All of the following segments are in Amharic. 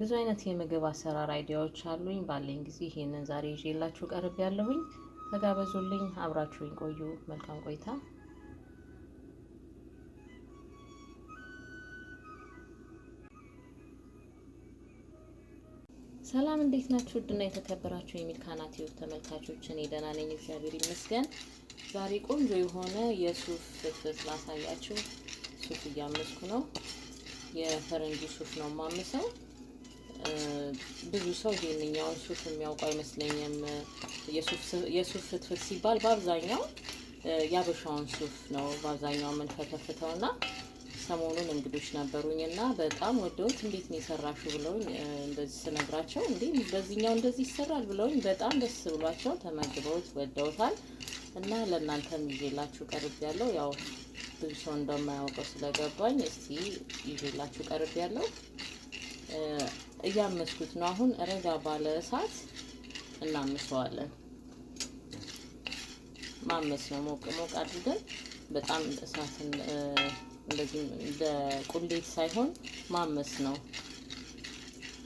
ብዙ አይነት የምግብ አሰራር አይዲያዎች አሉኝ። ባለኝ ጊዜ ይሄንን ዛሬ ይዤላችሁ ቀርብ ያለሁኝ ተጋበዙልኝ፣ አብራችሁኝ ቆዩ። መልካም ቆይታ። ሰላም እንዴት ናችሁ? ውድና የተከበራችሁ የሚልካና ቲዩብ ተመልካቾች፣ እኔ ደህና ነኝ፣ እግዚአብሔር ይመስገን። ዛሬ ቆንጆ የሆነ የሱፍ ፍትፍት ላሳያችሁ። ሱፍ እያመስኩ ነው። የፈረንጂ ሱፍ ነው ማምሰው ብዙ ሰው ይህንኛውን ሱፍ የሚያውቁ አይመስለኝም። የሱፍ ፍትፍት ሲባል በአብዛኛው ያበሻውን ሱፍ ነው በአብዛኛው የምንፈተፍተው እና ሰሞኑን እንግዶች ነበሩኝ እና በጣም ወደውት እንዴት ነው የሰራሹ ብለውኝ እንደዚህ ስነግራቸው እንዴ በዚህኛው እንደዚህ ይሰራል ብለውኝ በጣም ደስ ብሏቸው ተመግበውት ወደውታል። እና ለእናንተም ይዤላችሁ ቀርብ ያለው ያው ብዙ ሰው እንደማያውቀው ስለገባኝ እስቲ ይዤላችሁ ቀርብ ያለው እያመስኩት ነው። አሁን ረጋ ባለ እሳት እናምሰዋለን። ማመስ ነው፣ ሞቅ ሞቅ አድርገን በጣም እሳትን እንደዚህ እንደ ቁሌት ሳይሆን ማመስ ነው።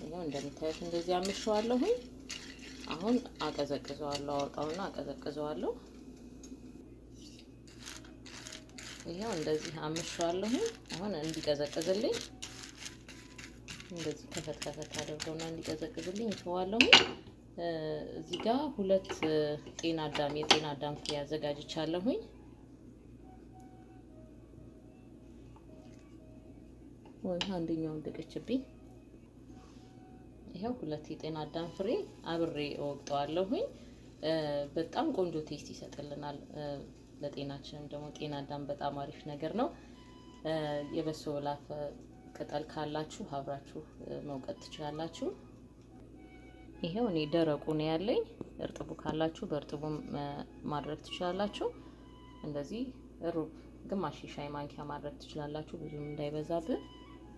ይሄው እንደምታዩት እንደዚህ አምሸዋለሁኝ። አሁን አቀዘቅዘዋለሁ፣ አወጣውና አቀዘቅዘዋለሁ። ይሄው እንደዚህ አምሸዋለሁኝ። አሁን እንዲቀዘቅዝልኝ እንደዚህ ከፈት ከፈት አደርገውና እንዲቀዘቅዝልኝ እተዋለሁ። እዚህ ጋር ሁለት ጤና አዳም የጤና አዳም ፍሬ አዘጋጅቻለሁኝ። ወይ አንደኛውን ብቅችብኝ ይኸው ሁለት የጤና አዳም ፍሬ አብሬ እወቅጠዋለሁኝ። በጣም ቆንጆ ቴስት ይሰጥልናል። ለጤናችንም ደግሞ ጤና አዳም በጣም አሪፍ ነገር ነው። የበሶ ላፈ ቅጠል ካላችሁ አብራችሁ መውቀጥ ትችላላችሁ። ይሄው እኔ ደረቁ ነው ያለኝ። እርጥቡ ካላችሁ በእርጥቡ ማድረግ ትችላላችሁ። እንደዚህ ሩብ ግማሽ ሻይ ማንኪያ ማድረግ ትችላላችሁ። ብዙም እንዳይበዛብን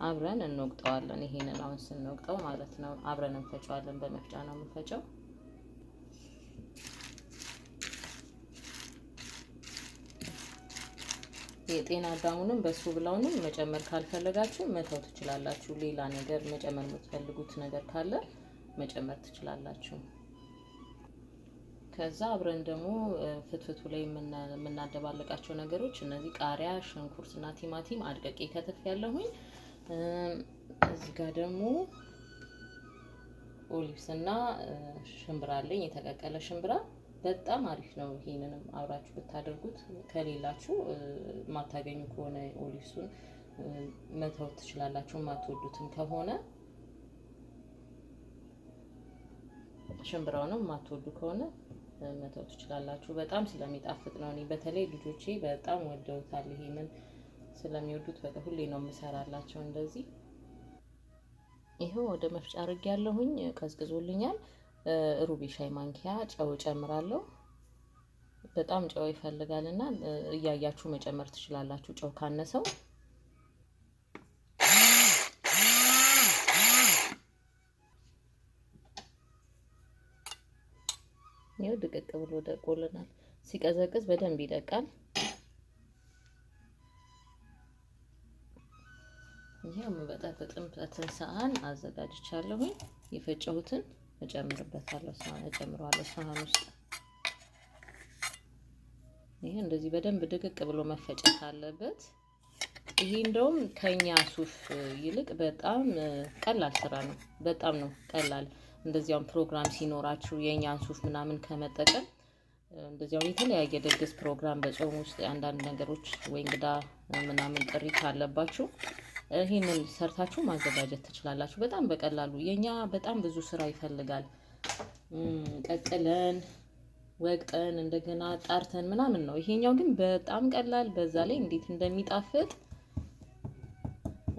አብረን እንወቅጠዋለን። ይሄንን አሁን ስንወቅጠው ማለት ነው አብረን እንፈጨዋለን። በመፍጫ ነው የምንፈጨው። የጤና አዳሙንም በሱ ብላውንም መጨመር ካልፈለጋችሁ መተው ትችላላችሁ። ሌላ ነገር መጨመር የምትፈልጉት ነገር ካለ መጨመር ትችላላችሁ። ከዛ አብረን ደግሞ ፍትፍቱ ላይ የምናደባለቃቸው ነገሮች እነዚህ ቃሪያ፣ ሽንኩርትና ቲማቲም አድቀቄ ከተፍ ያለሁኝ። እዚህ ጋር ደግሞ ኦሊቭስ እና ሽምብራ አለኝ የተቀቀለ ሽምብራ በጣም አሪፍ ነው። ይሄንንም አብራችሁ ብታደርጉት ከሌላችሁ ማታገኙ ከሆነ ኦሊቭሱን መተው ትችላላችሁ። ማትወዱትም ከሆነ ሽምብራውንም ማትወዱ ከሆነ መተው ትችላላችሁ። በጣም ስለሚጣፍጥ ነው። እኔ በተለይ ልጆቼ በጣም ወደውታል። ይሄንን ስለሚወዱት በቃ ሁሌ ነው የምሰራላቸው። እንደዚህ ይሄው ወደ መፍጫ አድርጌ ያለሁኝ ቀዝቅዞልኛል። ሩብ ሻይ ማንኪያ ጨው ጨምራለሁ በጣም ጨው ይፈልጋል እና እያያችሁ መጨመር ትችላላችሁ ጨው ካነሰው። ይኸው ድቅቅ ብሎ ደቆልናል። ሲቀዘቅዝ በደንብ ይደቃል። ይሄ የምበጣበጥበትን ሰዓን አዘጋጅቻለሁኝ የፈጨሁትን እጨምርበታለሁ እጨምረዋለሁ ሳህን ውስጥ። ይሄ እንደዚህ በደንብ ድቅቅ ብሎ መፈጨት አለበት። ይሄ እንደውም ከኛ ሱፍ ይልቅ በጣም ቀላል ስራ ነው። በጣም ነው ቀላል። እንደዚያውም ፕሮግራም ሲኖራችሁ የእኛን ሱፍ ምናምን ከመጠቀም እንደዚያውም የተለያየ ድግስ ፕሮግራም፣ በጾም ውስጥ አንዳንድ ነገሮች ወይ እንግዳ ምናምን ጥሪ ካለባችሁ ይህንን ሰርታችሁ ማዘጋጀት ትችላላችሁ። በጣም በቀላሉ የኛ በጣም ብዙ ስራ ይፈልጋል። ቀቅለን ወቅጠን እንደገና ጣርተን ምናምን ነው። ይሄኛው ግን በጣም ቀላል፣ በዛ ላይ እንዴት እንደሚጣፍጥ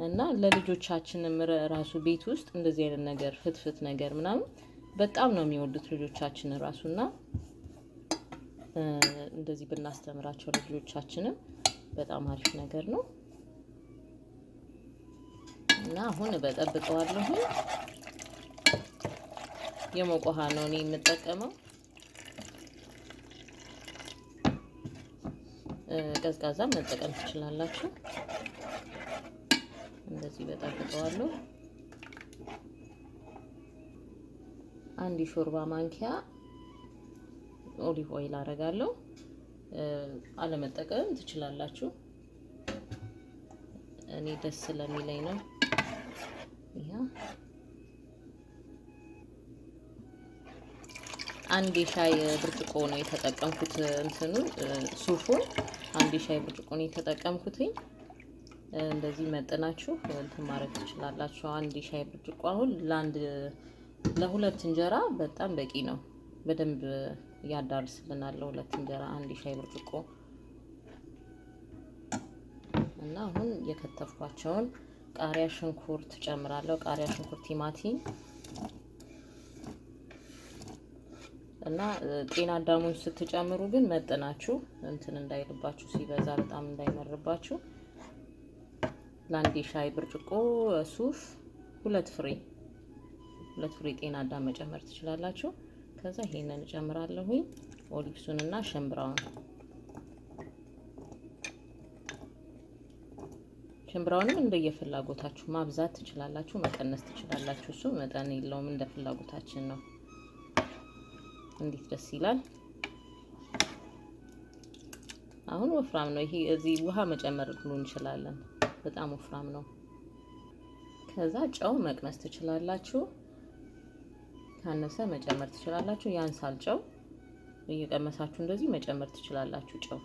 እና ለልጆቻችንም ራሱ ቤት ውስጥ እንደዚህ አይነት ነገር ፍትፍት ነገር ምናምን በጣም ነው የሚወዱት ልጆቻችን ራሱና እንደዚህ ብናስተምራቸው ልጆቻችንም በጣም አሪፍ ነገር ነው። እና አሁን በጠብቀዋለሁ። የሞቀ ውሃ ነው እኔ የምጠቀመው። ቀዝቃዛ መጠቀም ትችላላችሁ። እንደዚህ በጠብቀዋለሁ። አንድ ሾርባ ማንኪያ ኦሊቭ ኦይል አደርጋለሁ። አለመጠቀም ትችላላችሁ። እኔ ደስ ስለሚለኝ ነው። አንድ የሻይ ብርጭቆ ነው የተጠቀምኩት። እንትኑን ሱፉን አንድ የሻይ ብርጭቆ ነው የተጠቀምኩትኝ። እንደዚህ መጥናችሁ እንትን ማድረግ ትችላላችሁ። አንድ የሻይ ብርጭቆ አሁን ለአንድ ለሁለት እንጀራ በጣም በቂ ነው። በደንብ ያዳርስልናል። ለሁለት እንጀራ አንድ የሻይ ብርጭቆ እና አሁን የከተፍኳቸውን ቃሪያ፣ ሽንኩርት ጨምራለሁ። ቃሪያ፣ ሽንኩርት፣ ቲማቲም እና ጤና አዳሙን ስትጨምሩ ግን መጥናችሁ እንትን እንዳይልባችሁ ሲበዛ በጣም እንዳይመርባችሁ። ለአንድ የሻይ ብርጭቆ ሱፍ ሁለት ፍሬ ሁለት ፍሬ ጤና አዳም መጨመር ትችላላችሁ። ከዛ ይሄንን እጨምራለሁኝ ኦሊቭሱን እና ሸምብራውን ቴምብራውንም እንደየፍላጎታችሁ ማብዛት ትችላላችሁ፣ መቀነስ ትችላላችሁ። እሱ መጠን የለውም እንደ ፍላጎታችን ነው። እንዴት ደስ ይላል! አሁን ወፍራም ነው ይሄ። እዚህ ውሃ መጨመር ሁሉ እንችላለን። በጣም ወፍራም ነው። ከዛ ጨው መቅመስ ትችላላችሁ፣ ካነሰ መጨመር ትችላላችሁ። ያንሳል ጨው እየቀመሳችሁ እንደዚህ መጨመር ትችላላችሁ ጨው።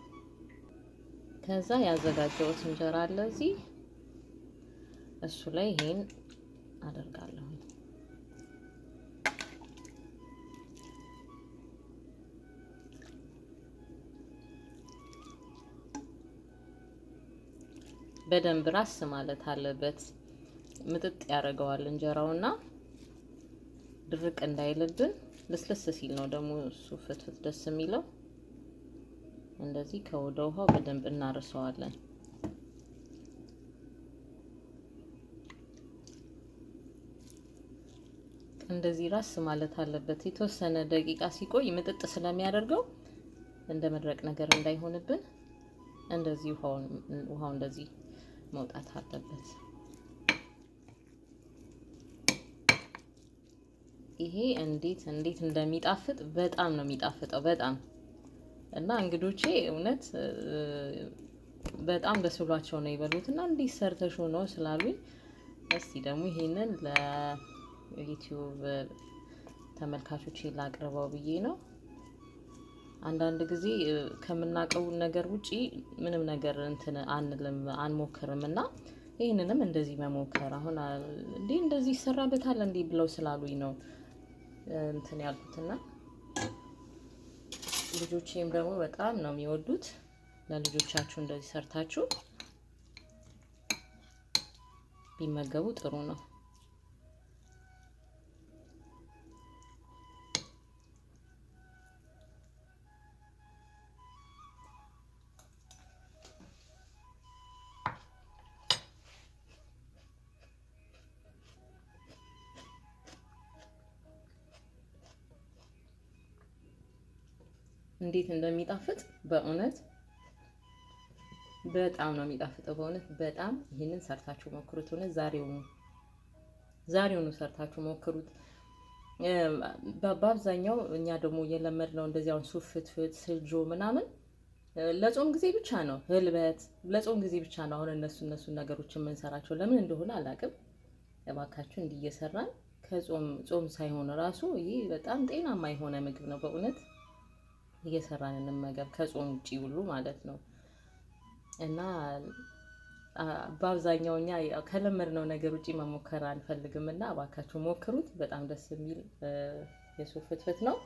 ከዛ ያዘጋጀሁት እንጀራ አለ እዚህ እሱ ላይ ይሄን አደርጋለሁ። በደንብ ራስ ማለት አለበት። ምጥጥ ያደርገዋል እንጀራውና ድርቅ እንዳይልብን። ልስልስ ሲል ነው ደግሞ እሱ ፍትፍት ደስ የሚለው። እንደዚህ ከወደ ውሃው በደንብ እናርሰዋለን። እንደዚህ ራስ ማለት አለበት። የተወሰነ ደቂቃ ሲቆይ ምጥጥ ስለሚያደርገው እንደ መድረቅ ነገር እንዳይሆንብን እንደዚህ ውሃው እንደዚህ መውጣት አለበት። ይሄ እንዴት እንዴት እንደሚጣፍጥ በጣም ነው የሚጣፍጠው፣ በጣም እና እንግዶቼ እውነት በጣም ደስ ብሏቸው ነው የበሉት እና እንዲህ ነው ስላሉኝ እስቲ ደግሞ ይሄንን ዩቲዩብ ተመልካቾች ላቅርበው ብዬ ነው። አንዳንድ ጊዜ ከምናቀው ነገር ውጪ ምንም ነገር እንትን አንልም አንሞክርም እና ይህንንም እንደዚህ መሞከር አሁን እንዲህ እንደዚህ ይሰራበታል እንዲህ ብለው ስላሉኝ ነው እንትን ያልኩትና ልጆቼም ደግሞ በጣም ነው የሚወዱት። ለልጆቻችሁ እንደዚህ ሰርታችሁ ቢመገቡ ጥሩ ነው። እንዴት እንደሚጣፍጥ በእውነት በጣም ነው የሚጣፍጠው። በእውነት በጣም ይህንን ሰርታችሁ ሞክሩት። እውነት ዛሬውኑ ዛሬውኑ ሰርታችሁ ሞክሩት። በአብዛኛው እኛ ደግሞ የለመድነው እንደዚህ አሁን ሱፍትፍት ስልጆ ምናምን ለጾም ጊዜ ብቻ ነው፣ ህልበት ለጾም ጊዜ ብቻ ነው። አሁን እነሱ እነሱን ነገሮች የምንሰራቸው ለምን እንደሆነ አላውቅም። እባካችሁ እንዲህ እየሰራን ከጾም ጾም ሳይሆን ራሱ ይህ በጣም ጤናማ የሆነ ምግብ ነው በእውነት እየሰራን እንመገብ ከጾም ውጪ ሁሉ ማለት ነው። እና በአብዛኛው እኛ ከለመድነው ነገር ውጪ መሞከር አንፈልግም እና እባካችሁ ሞክሩት። በጣም ደስ የሚል የሱፍ ፍትፍት ነው።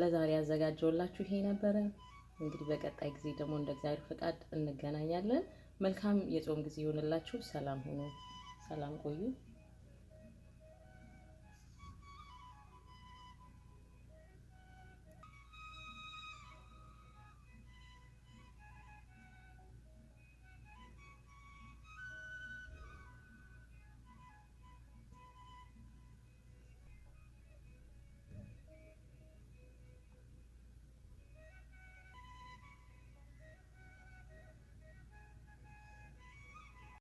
ለዛሬ ያዘጋጀውላችሁ ይሄ ነበረ። እንግዲህ በቀጣይ ጊዜ ደግሞ እንደ እግዚአብሔር ፈቃድ እንገናኛለን። መልካም የጾም ጊዜ ይሆንላችሁ። ሰላም ሁኑ። ሰላም ቆዩ።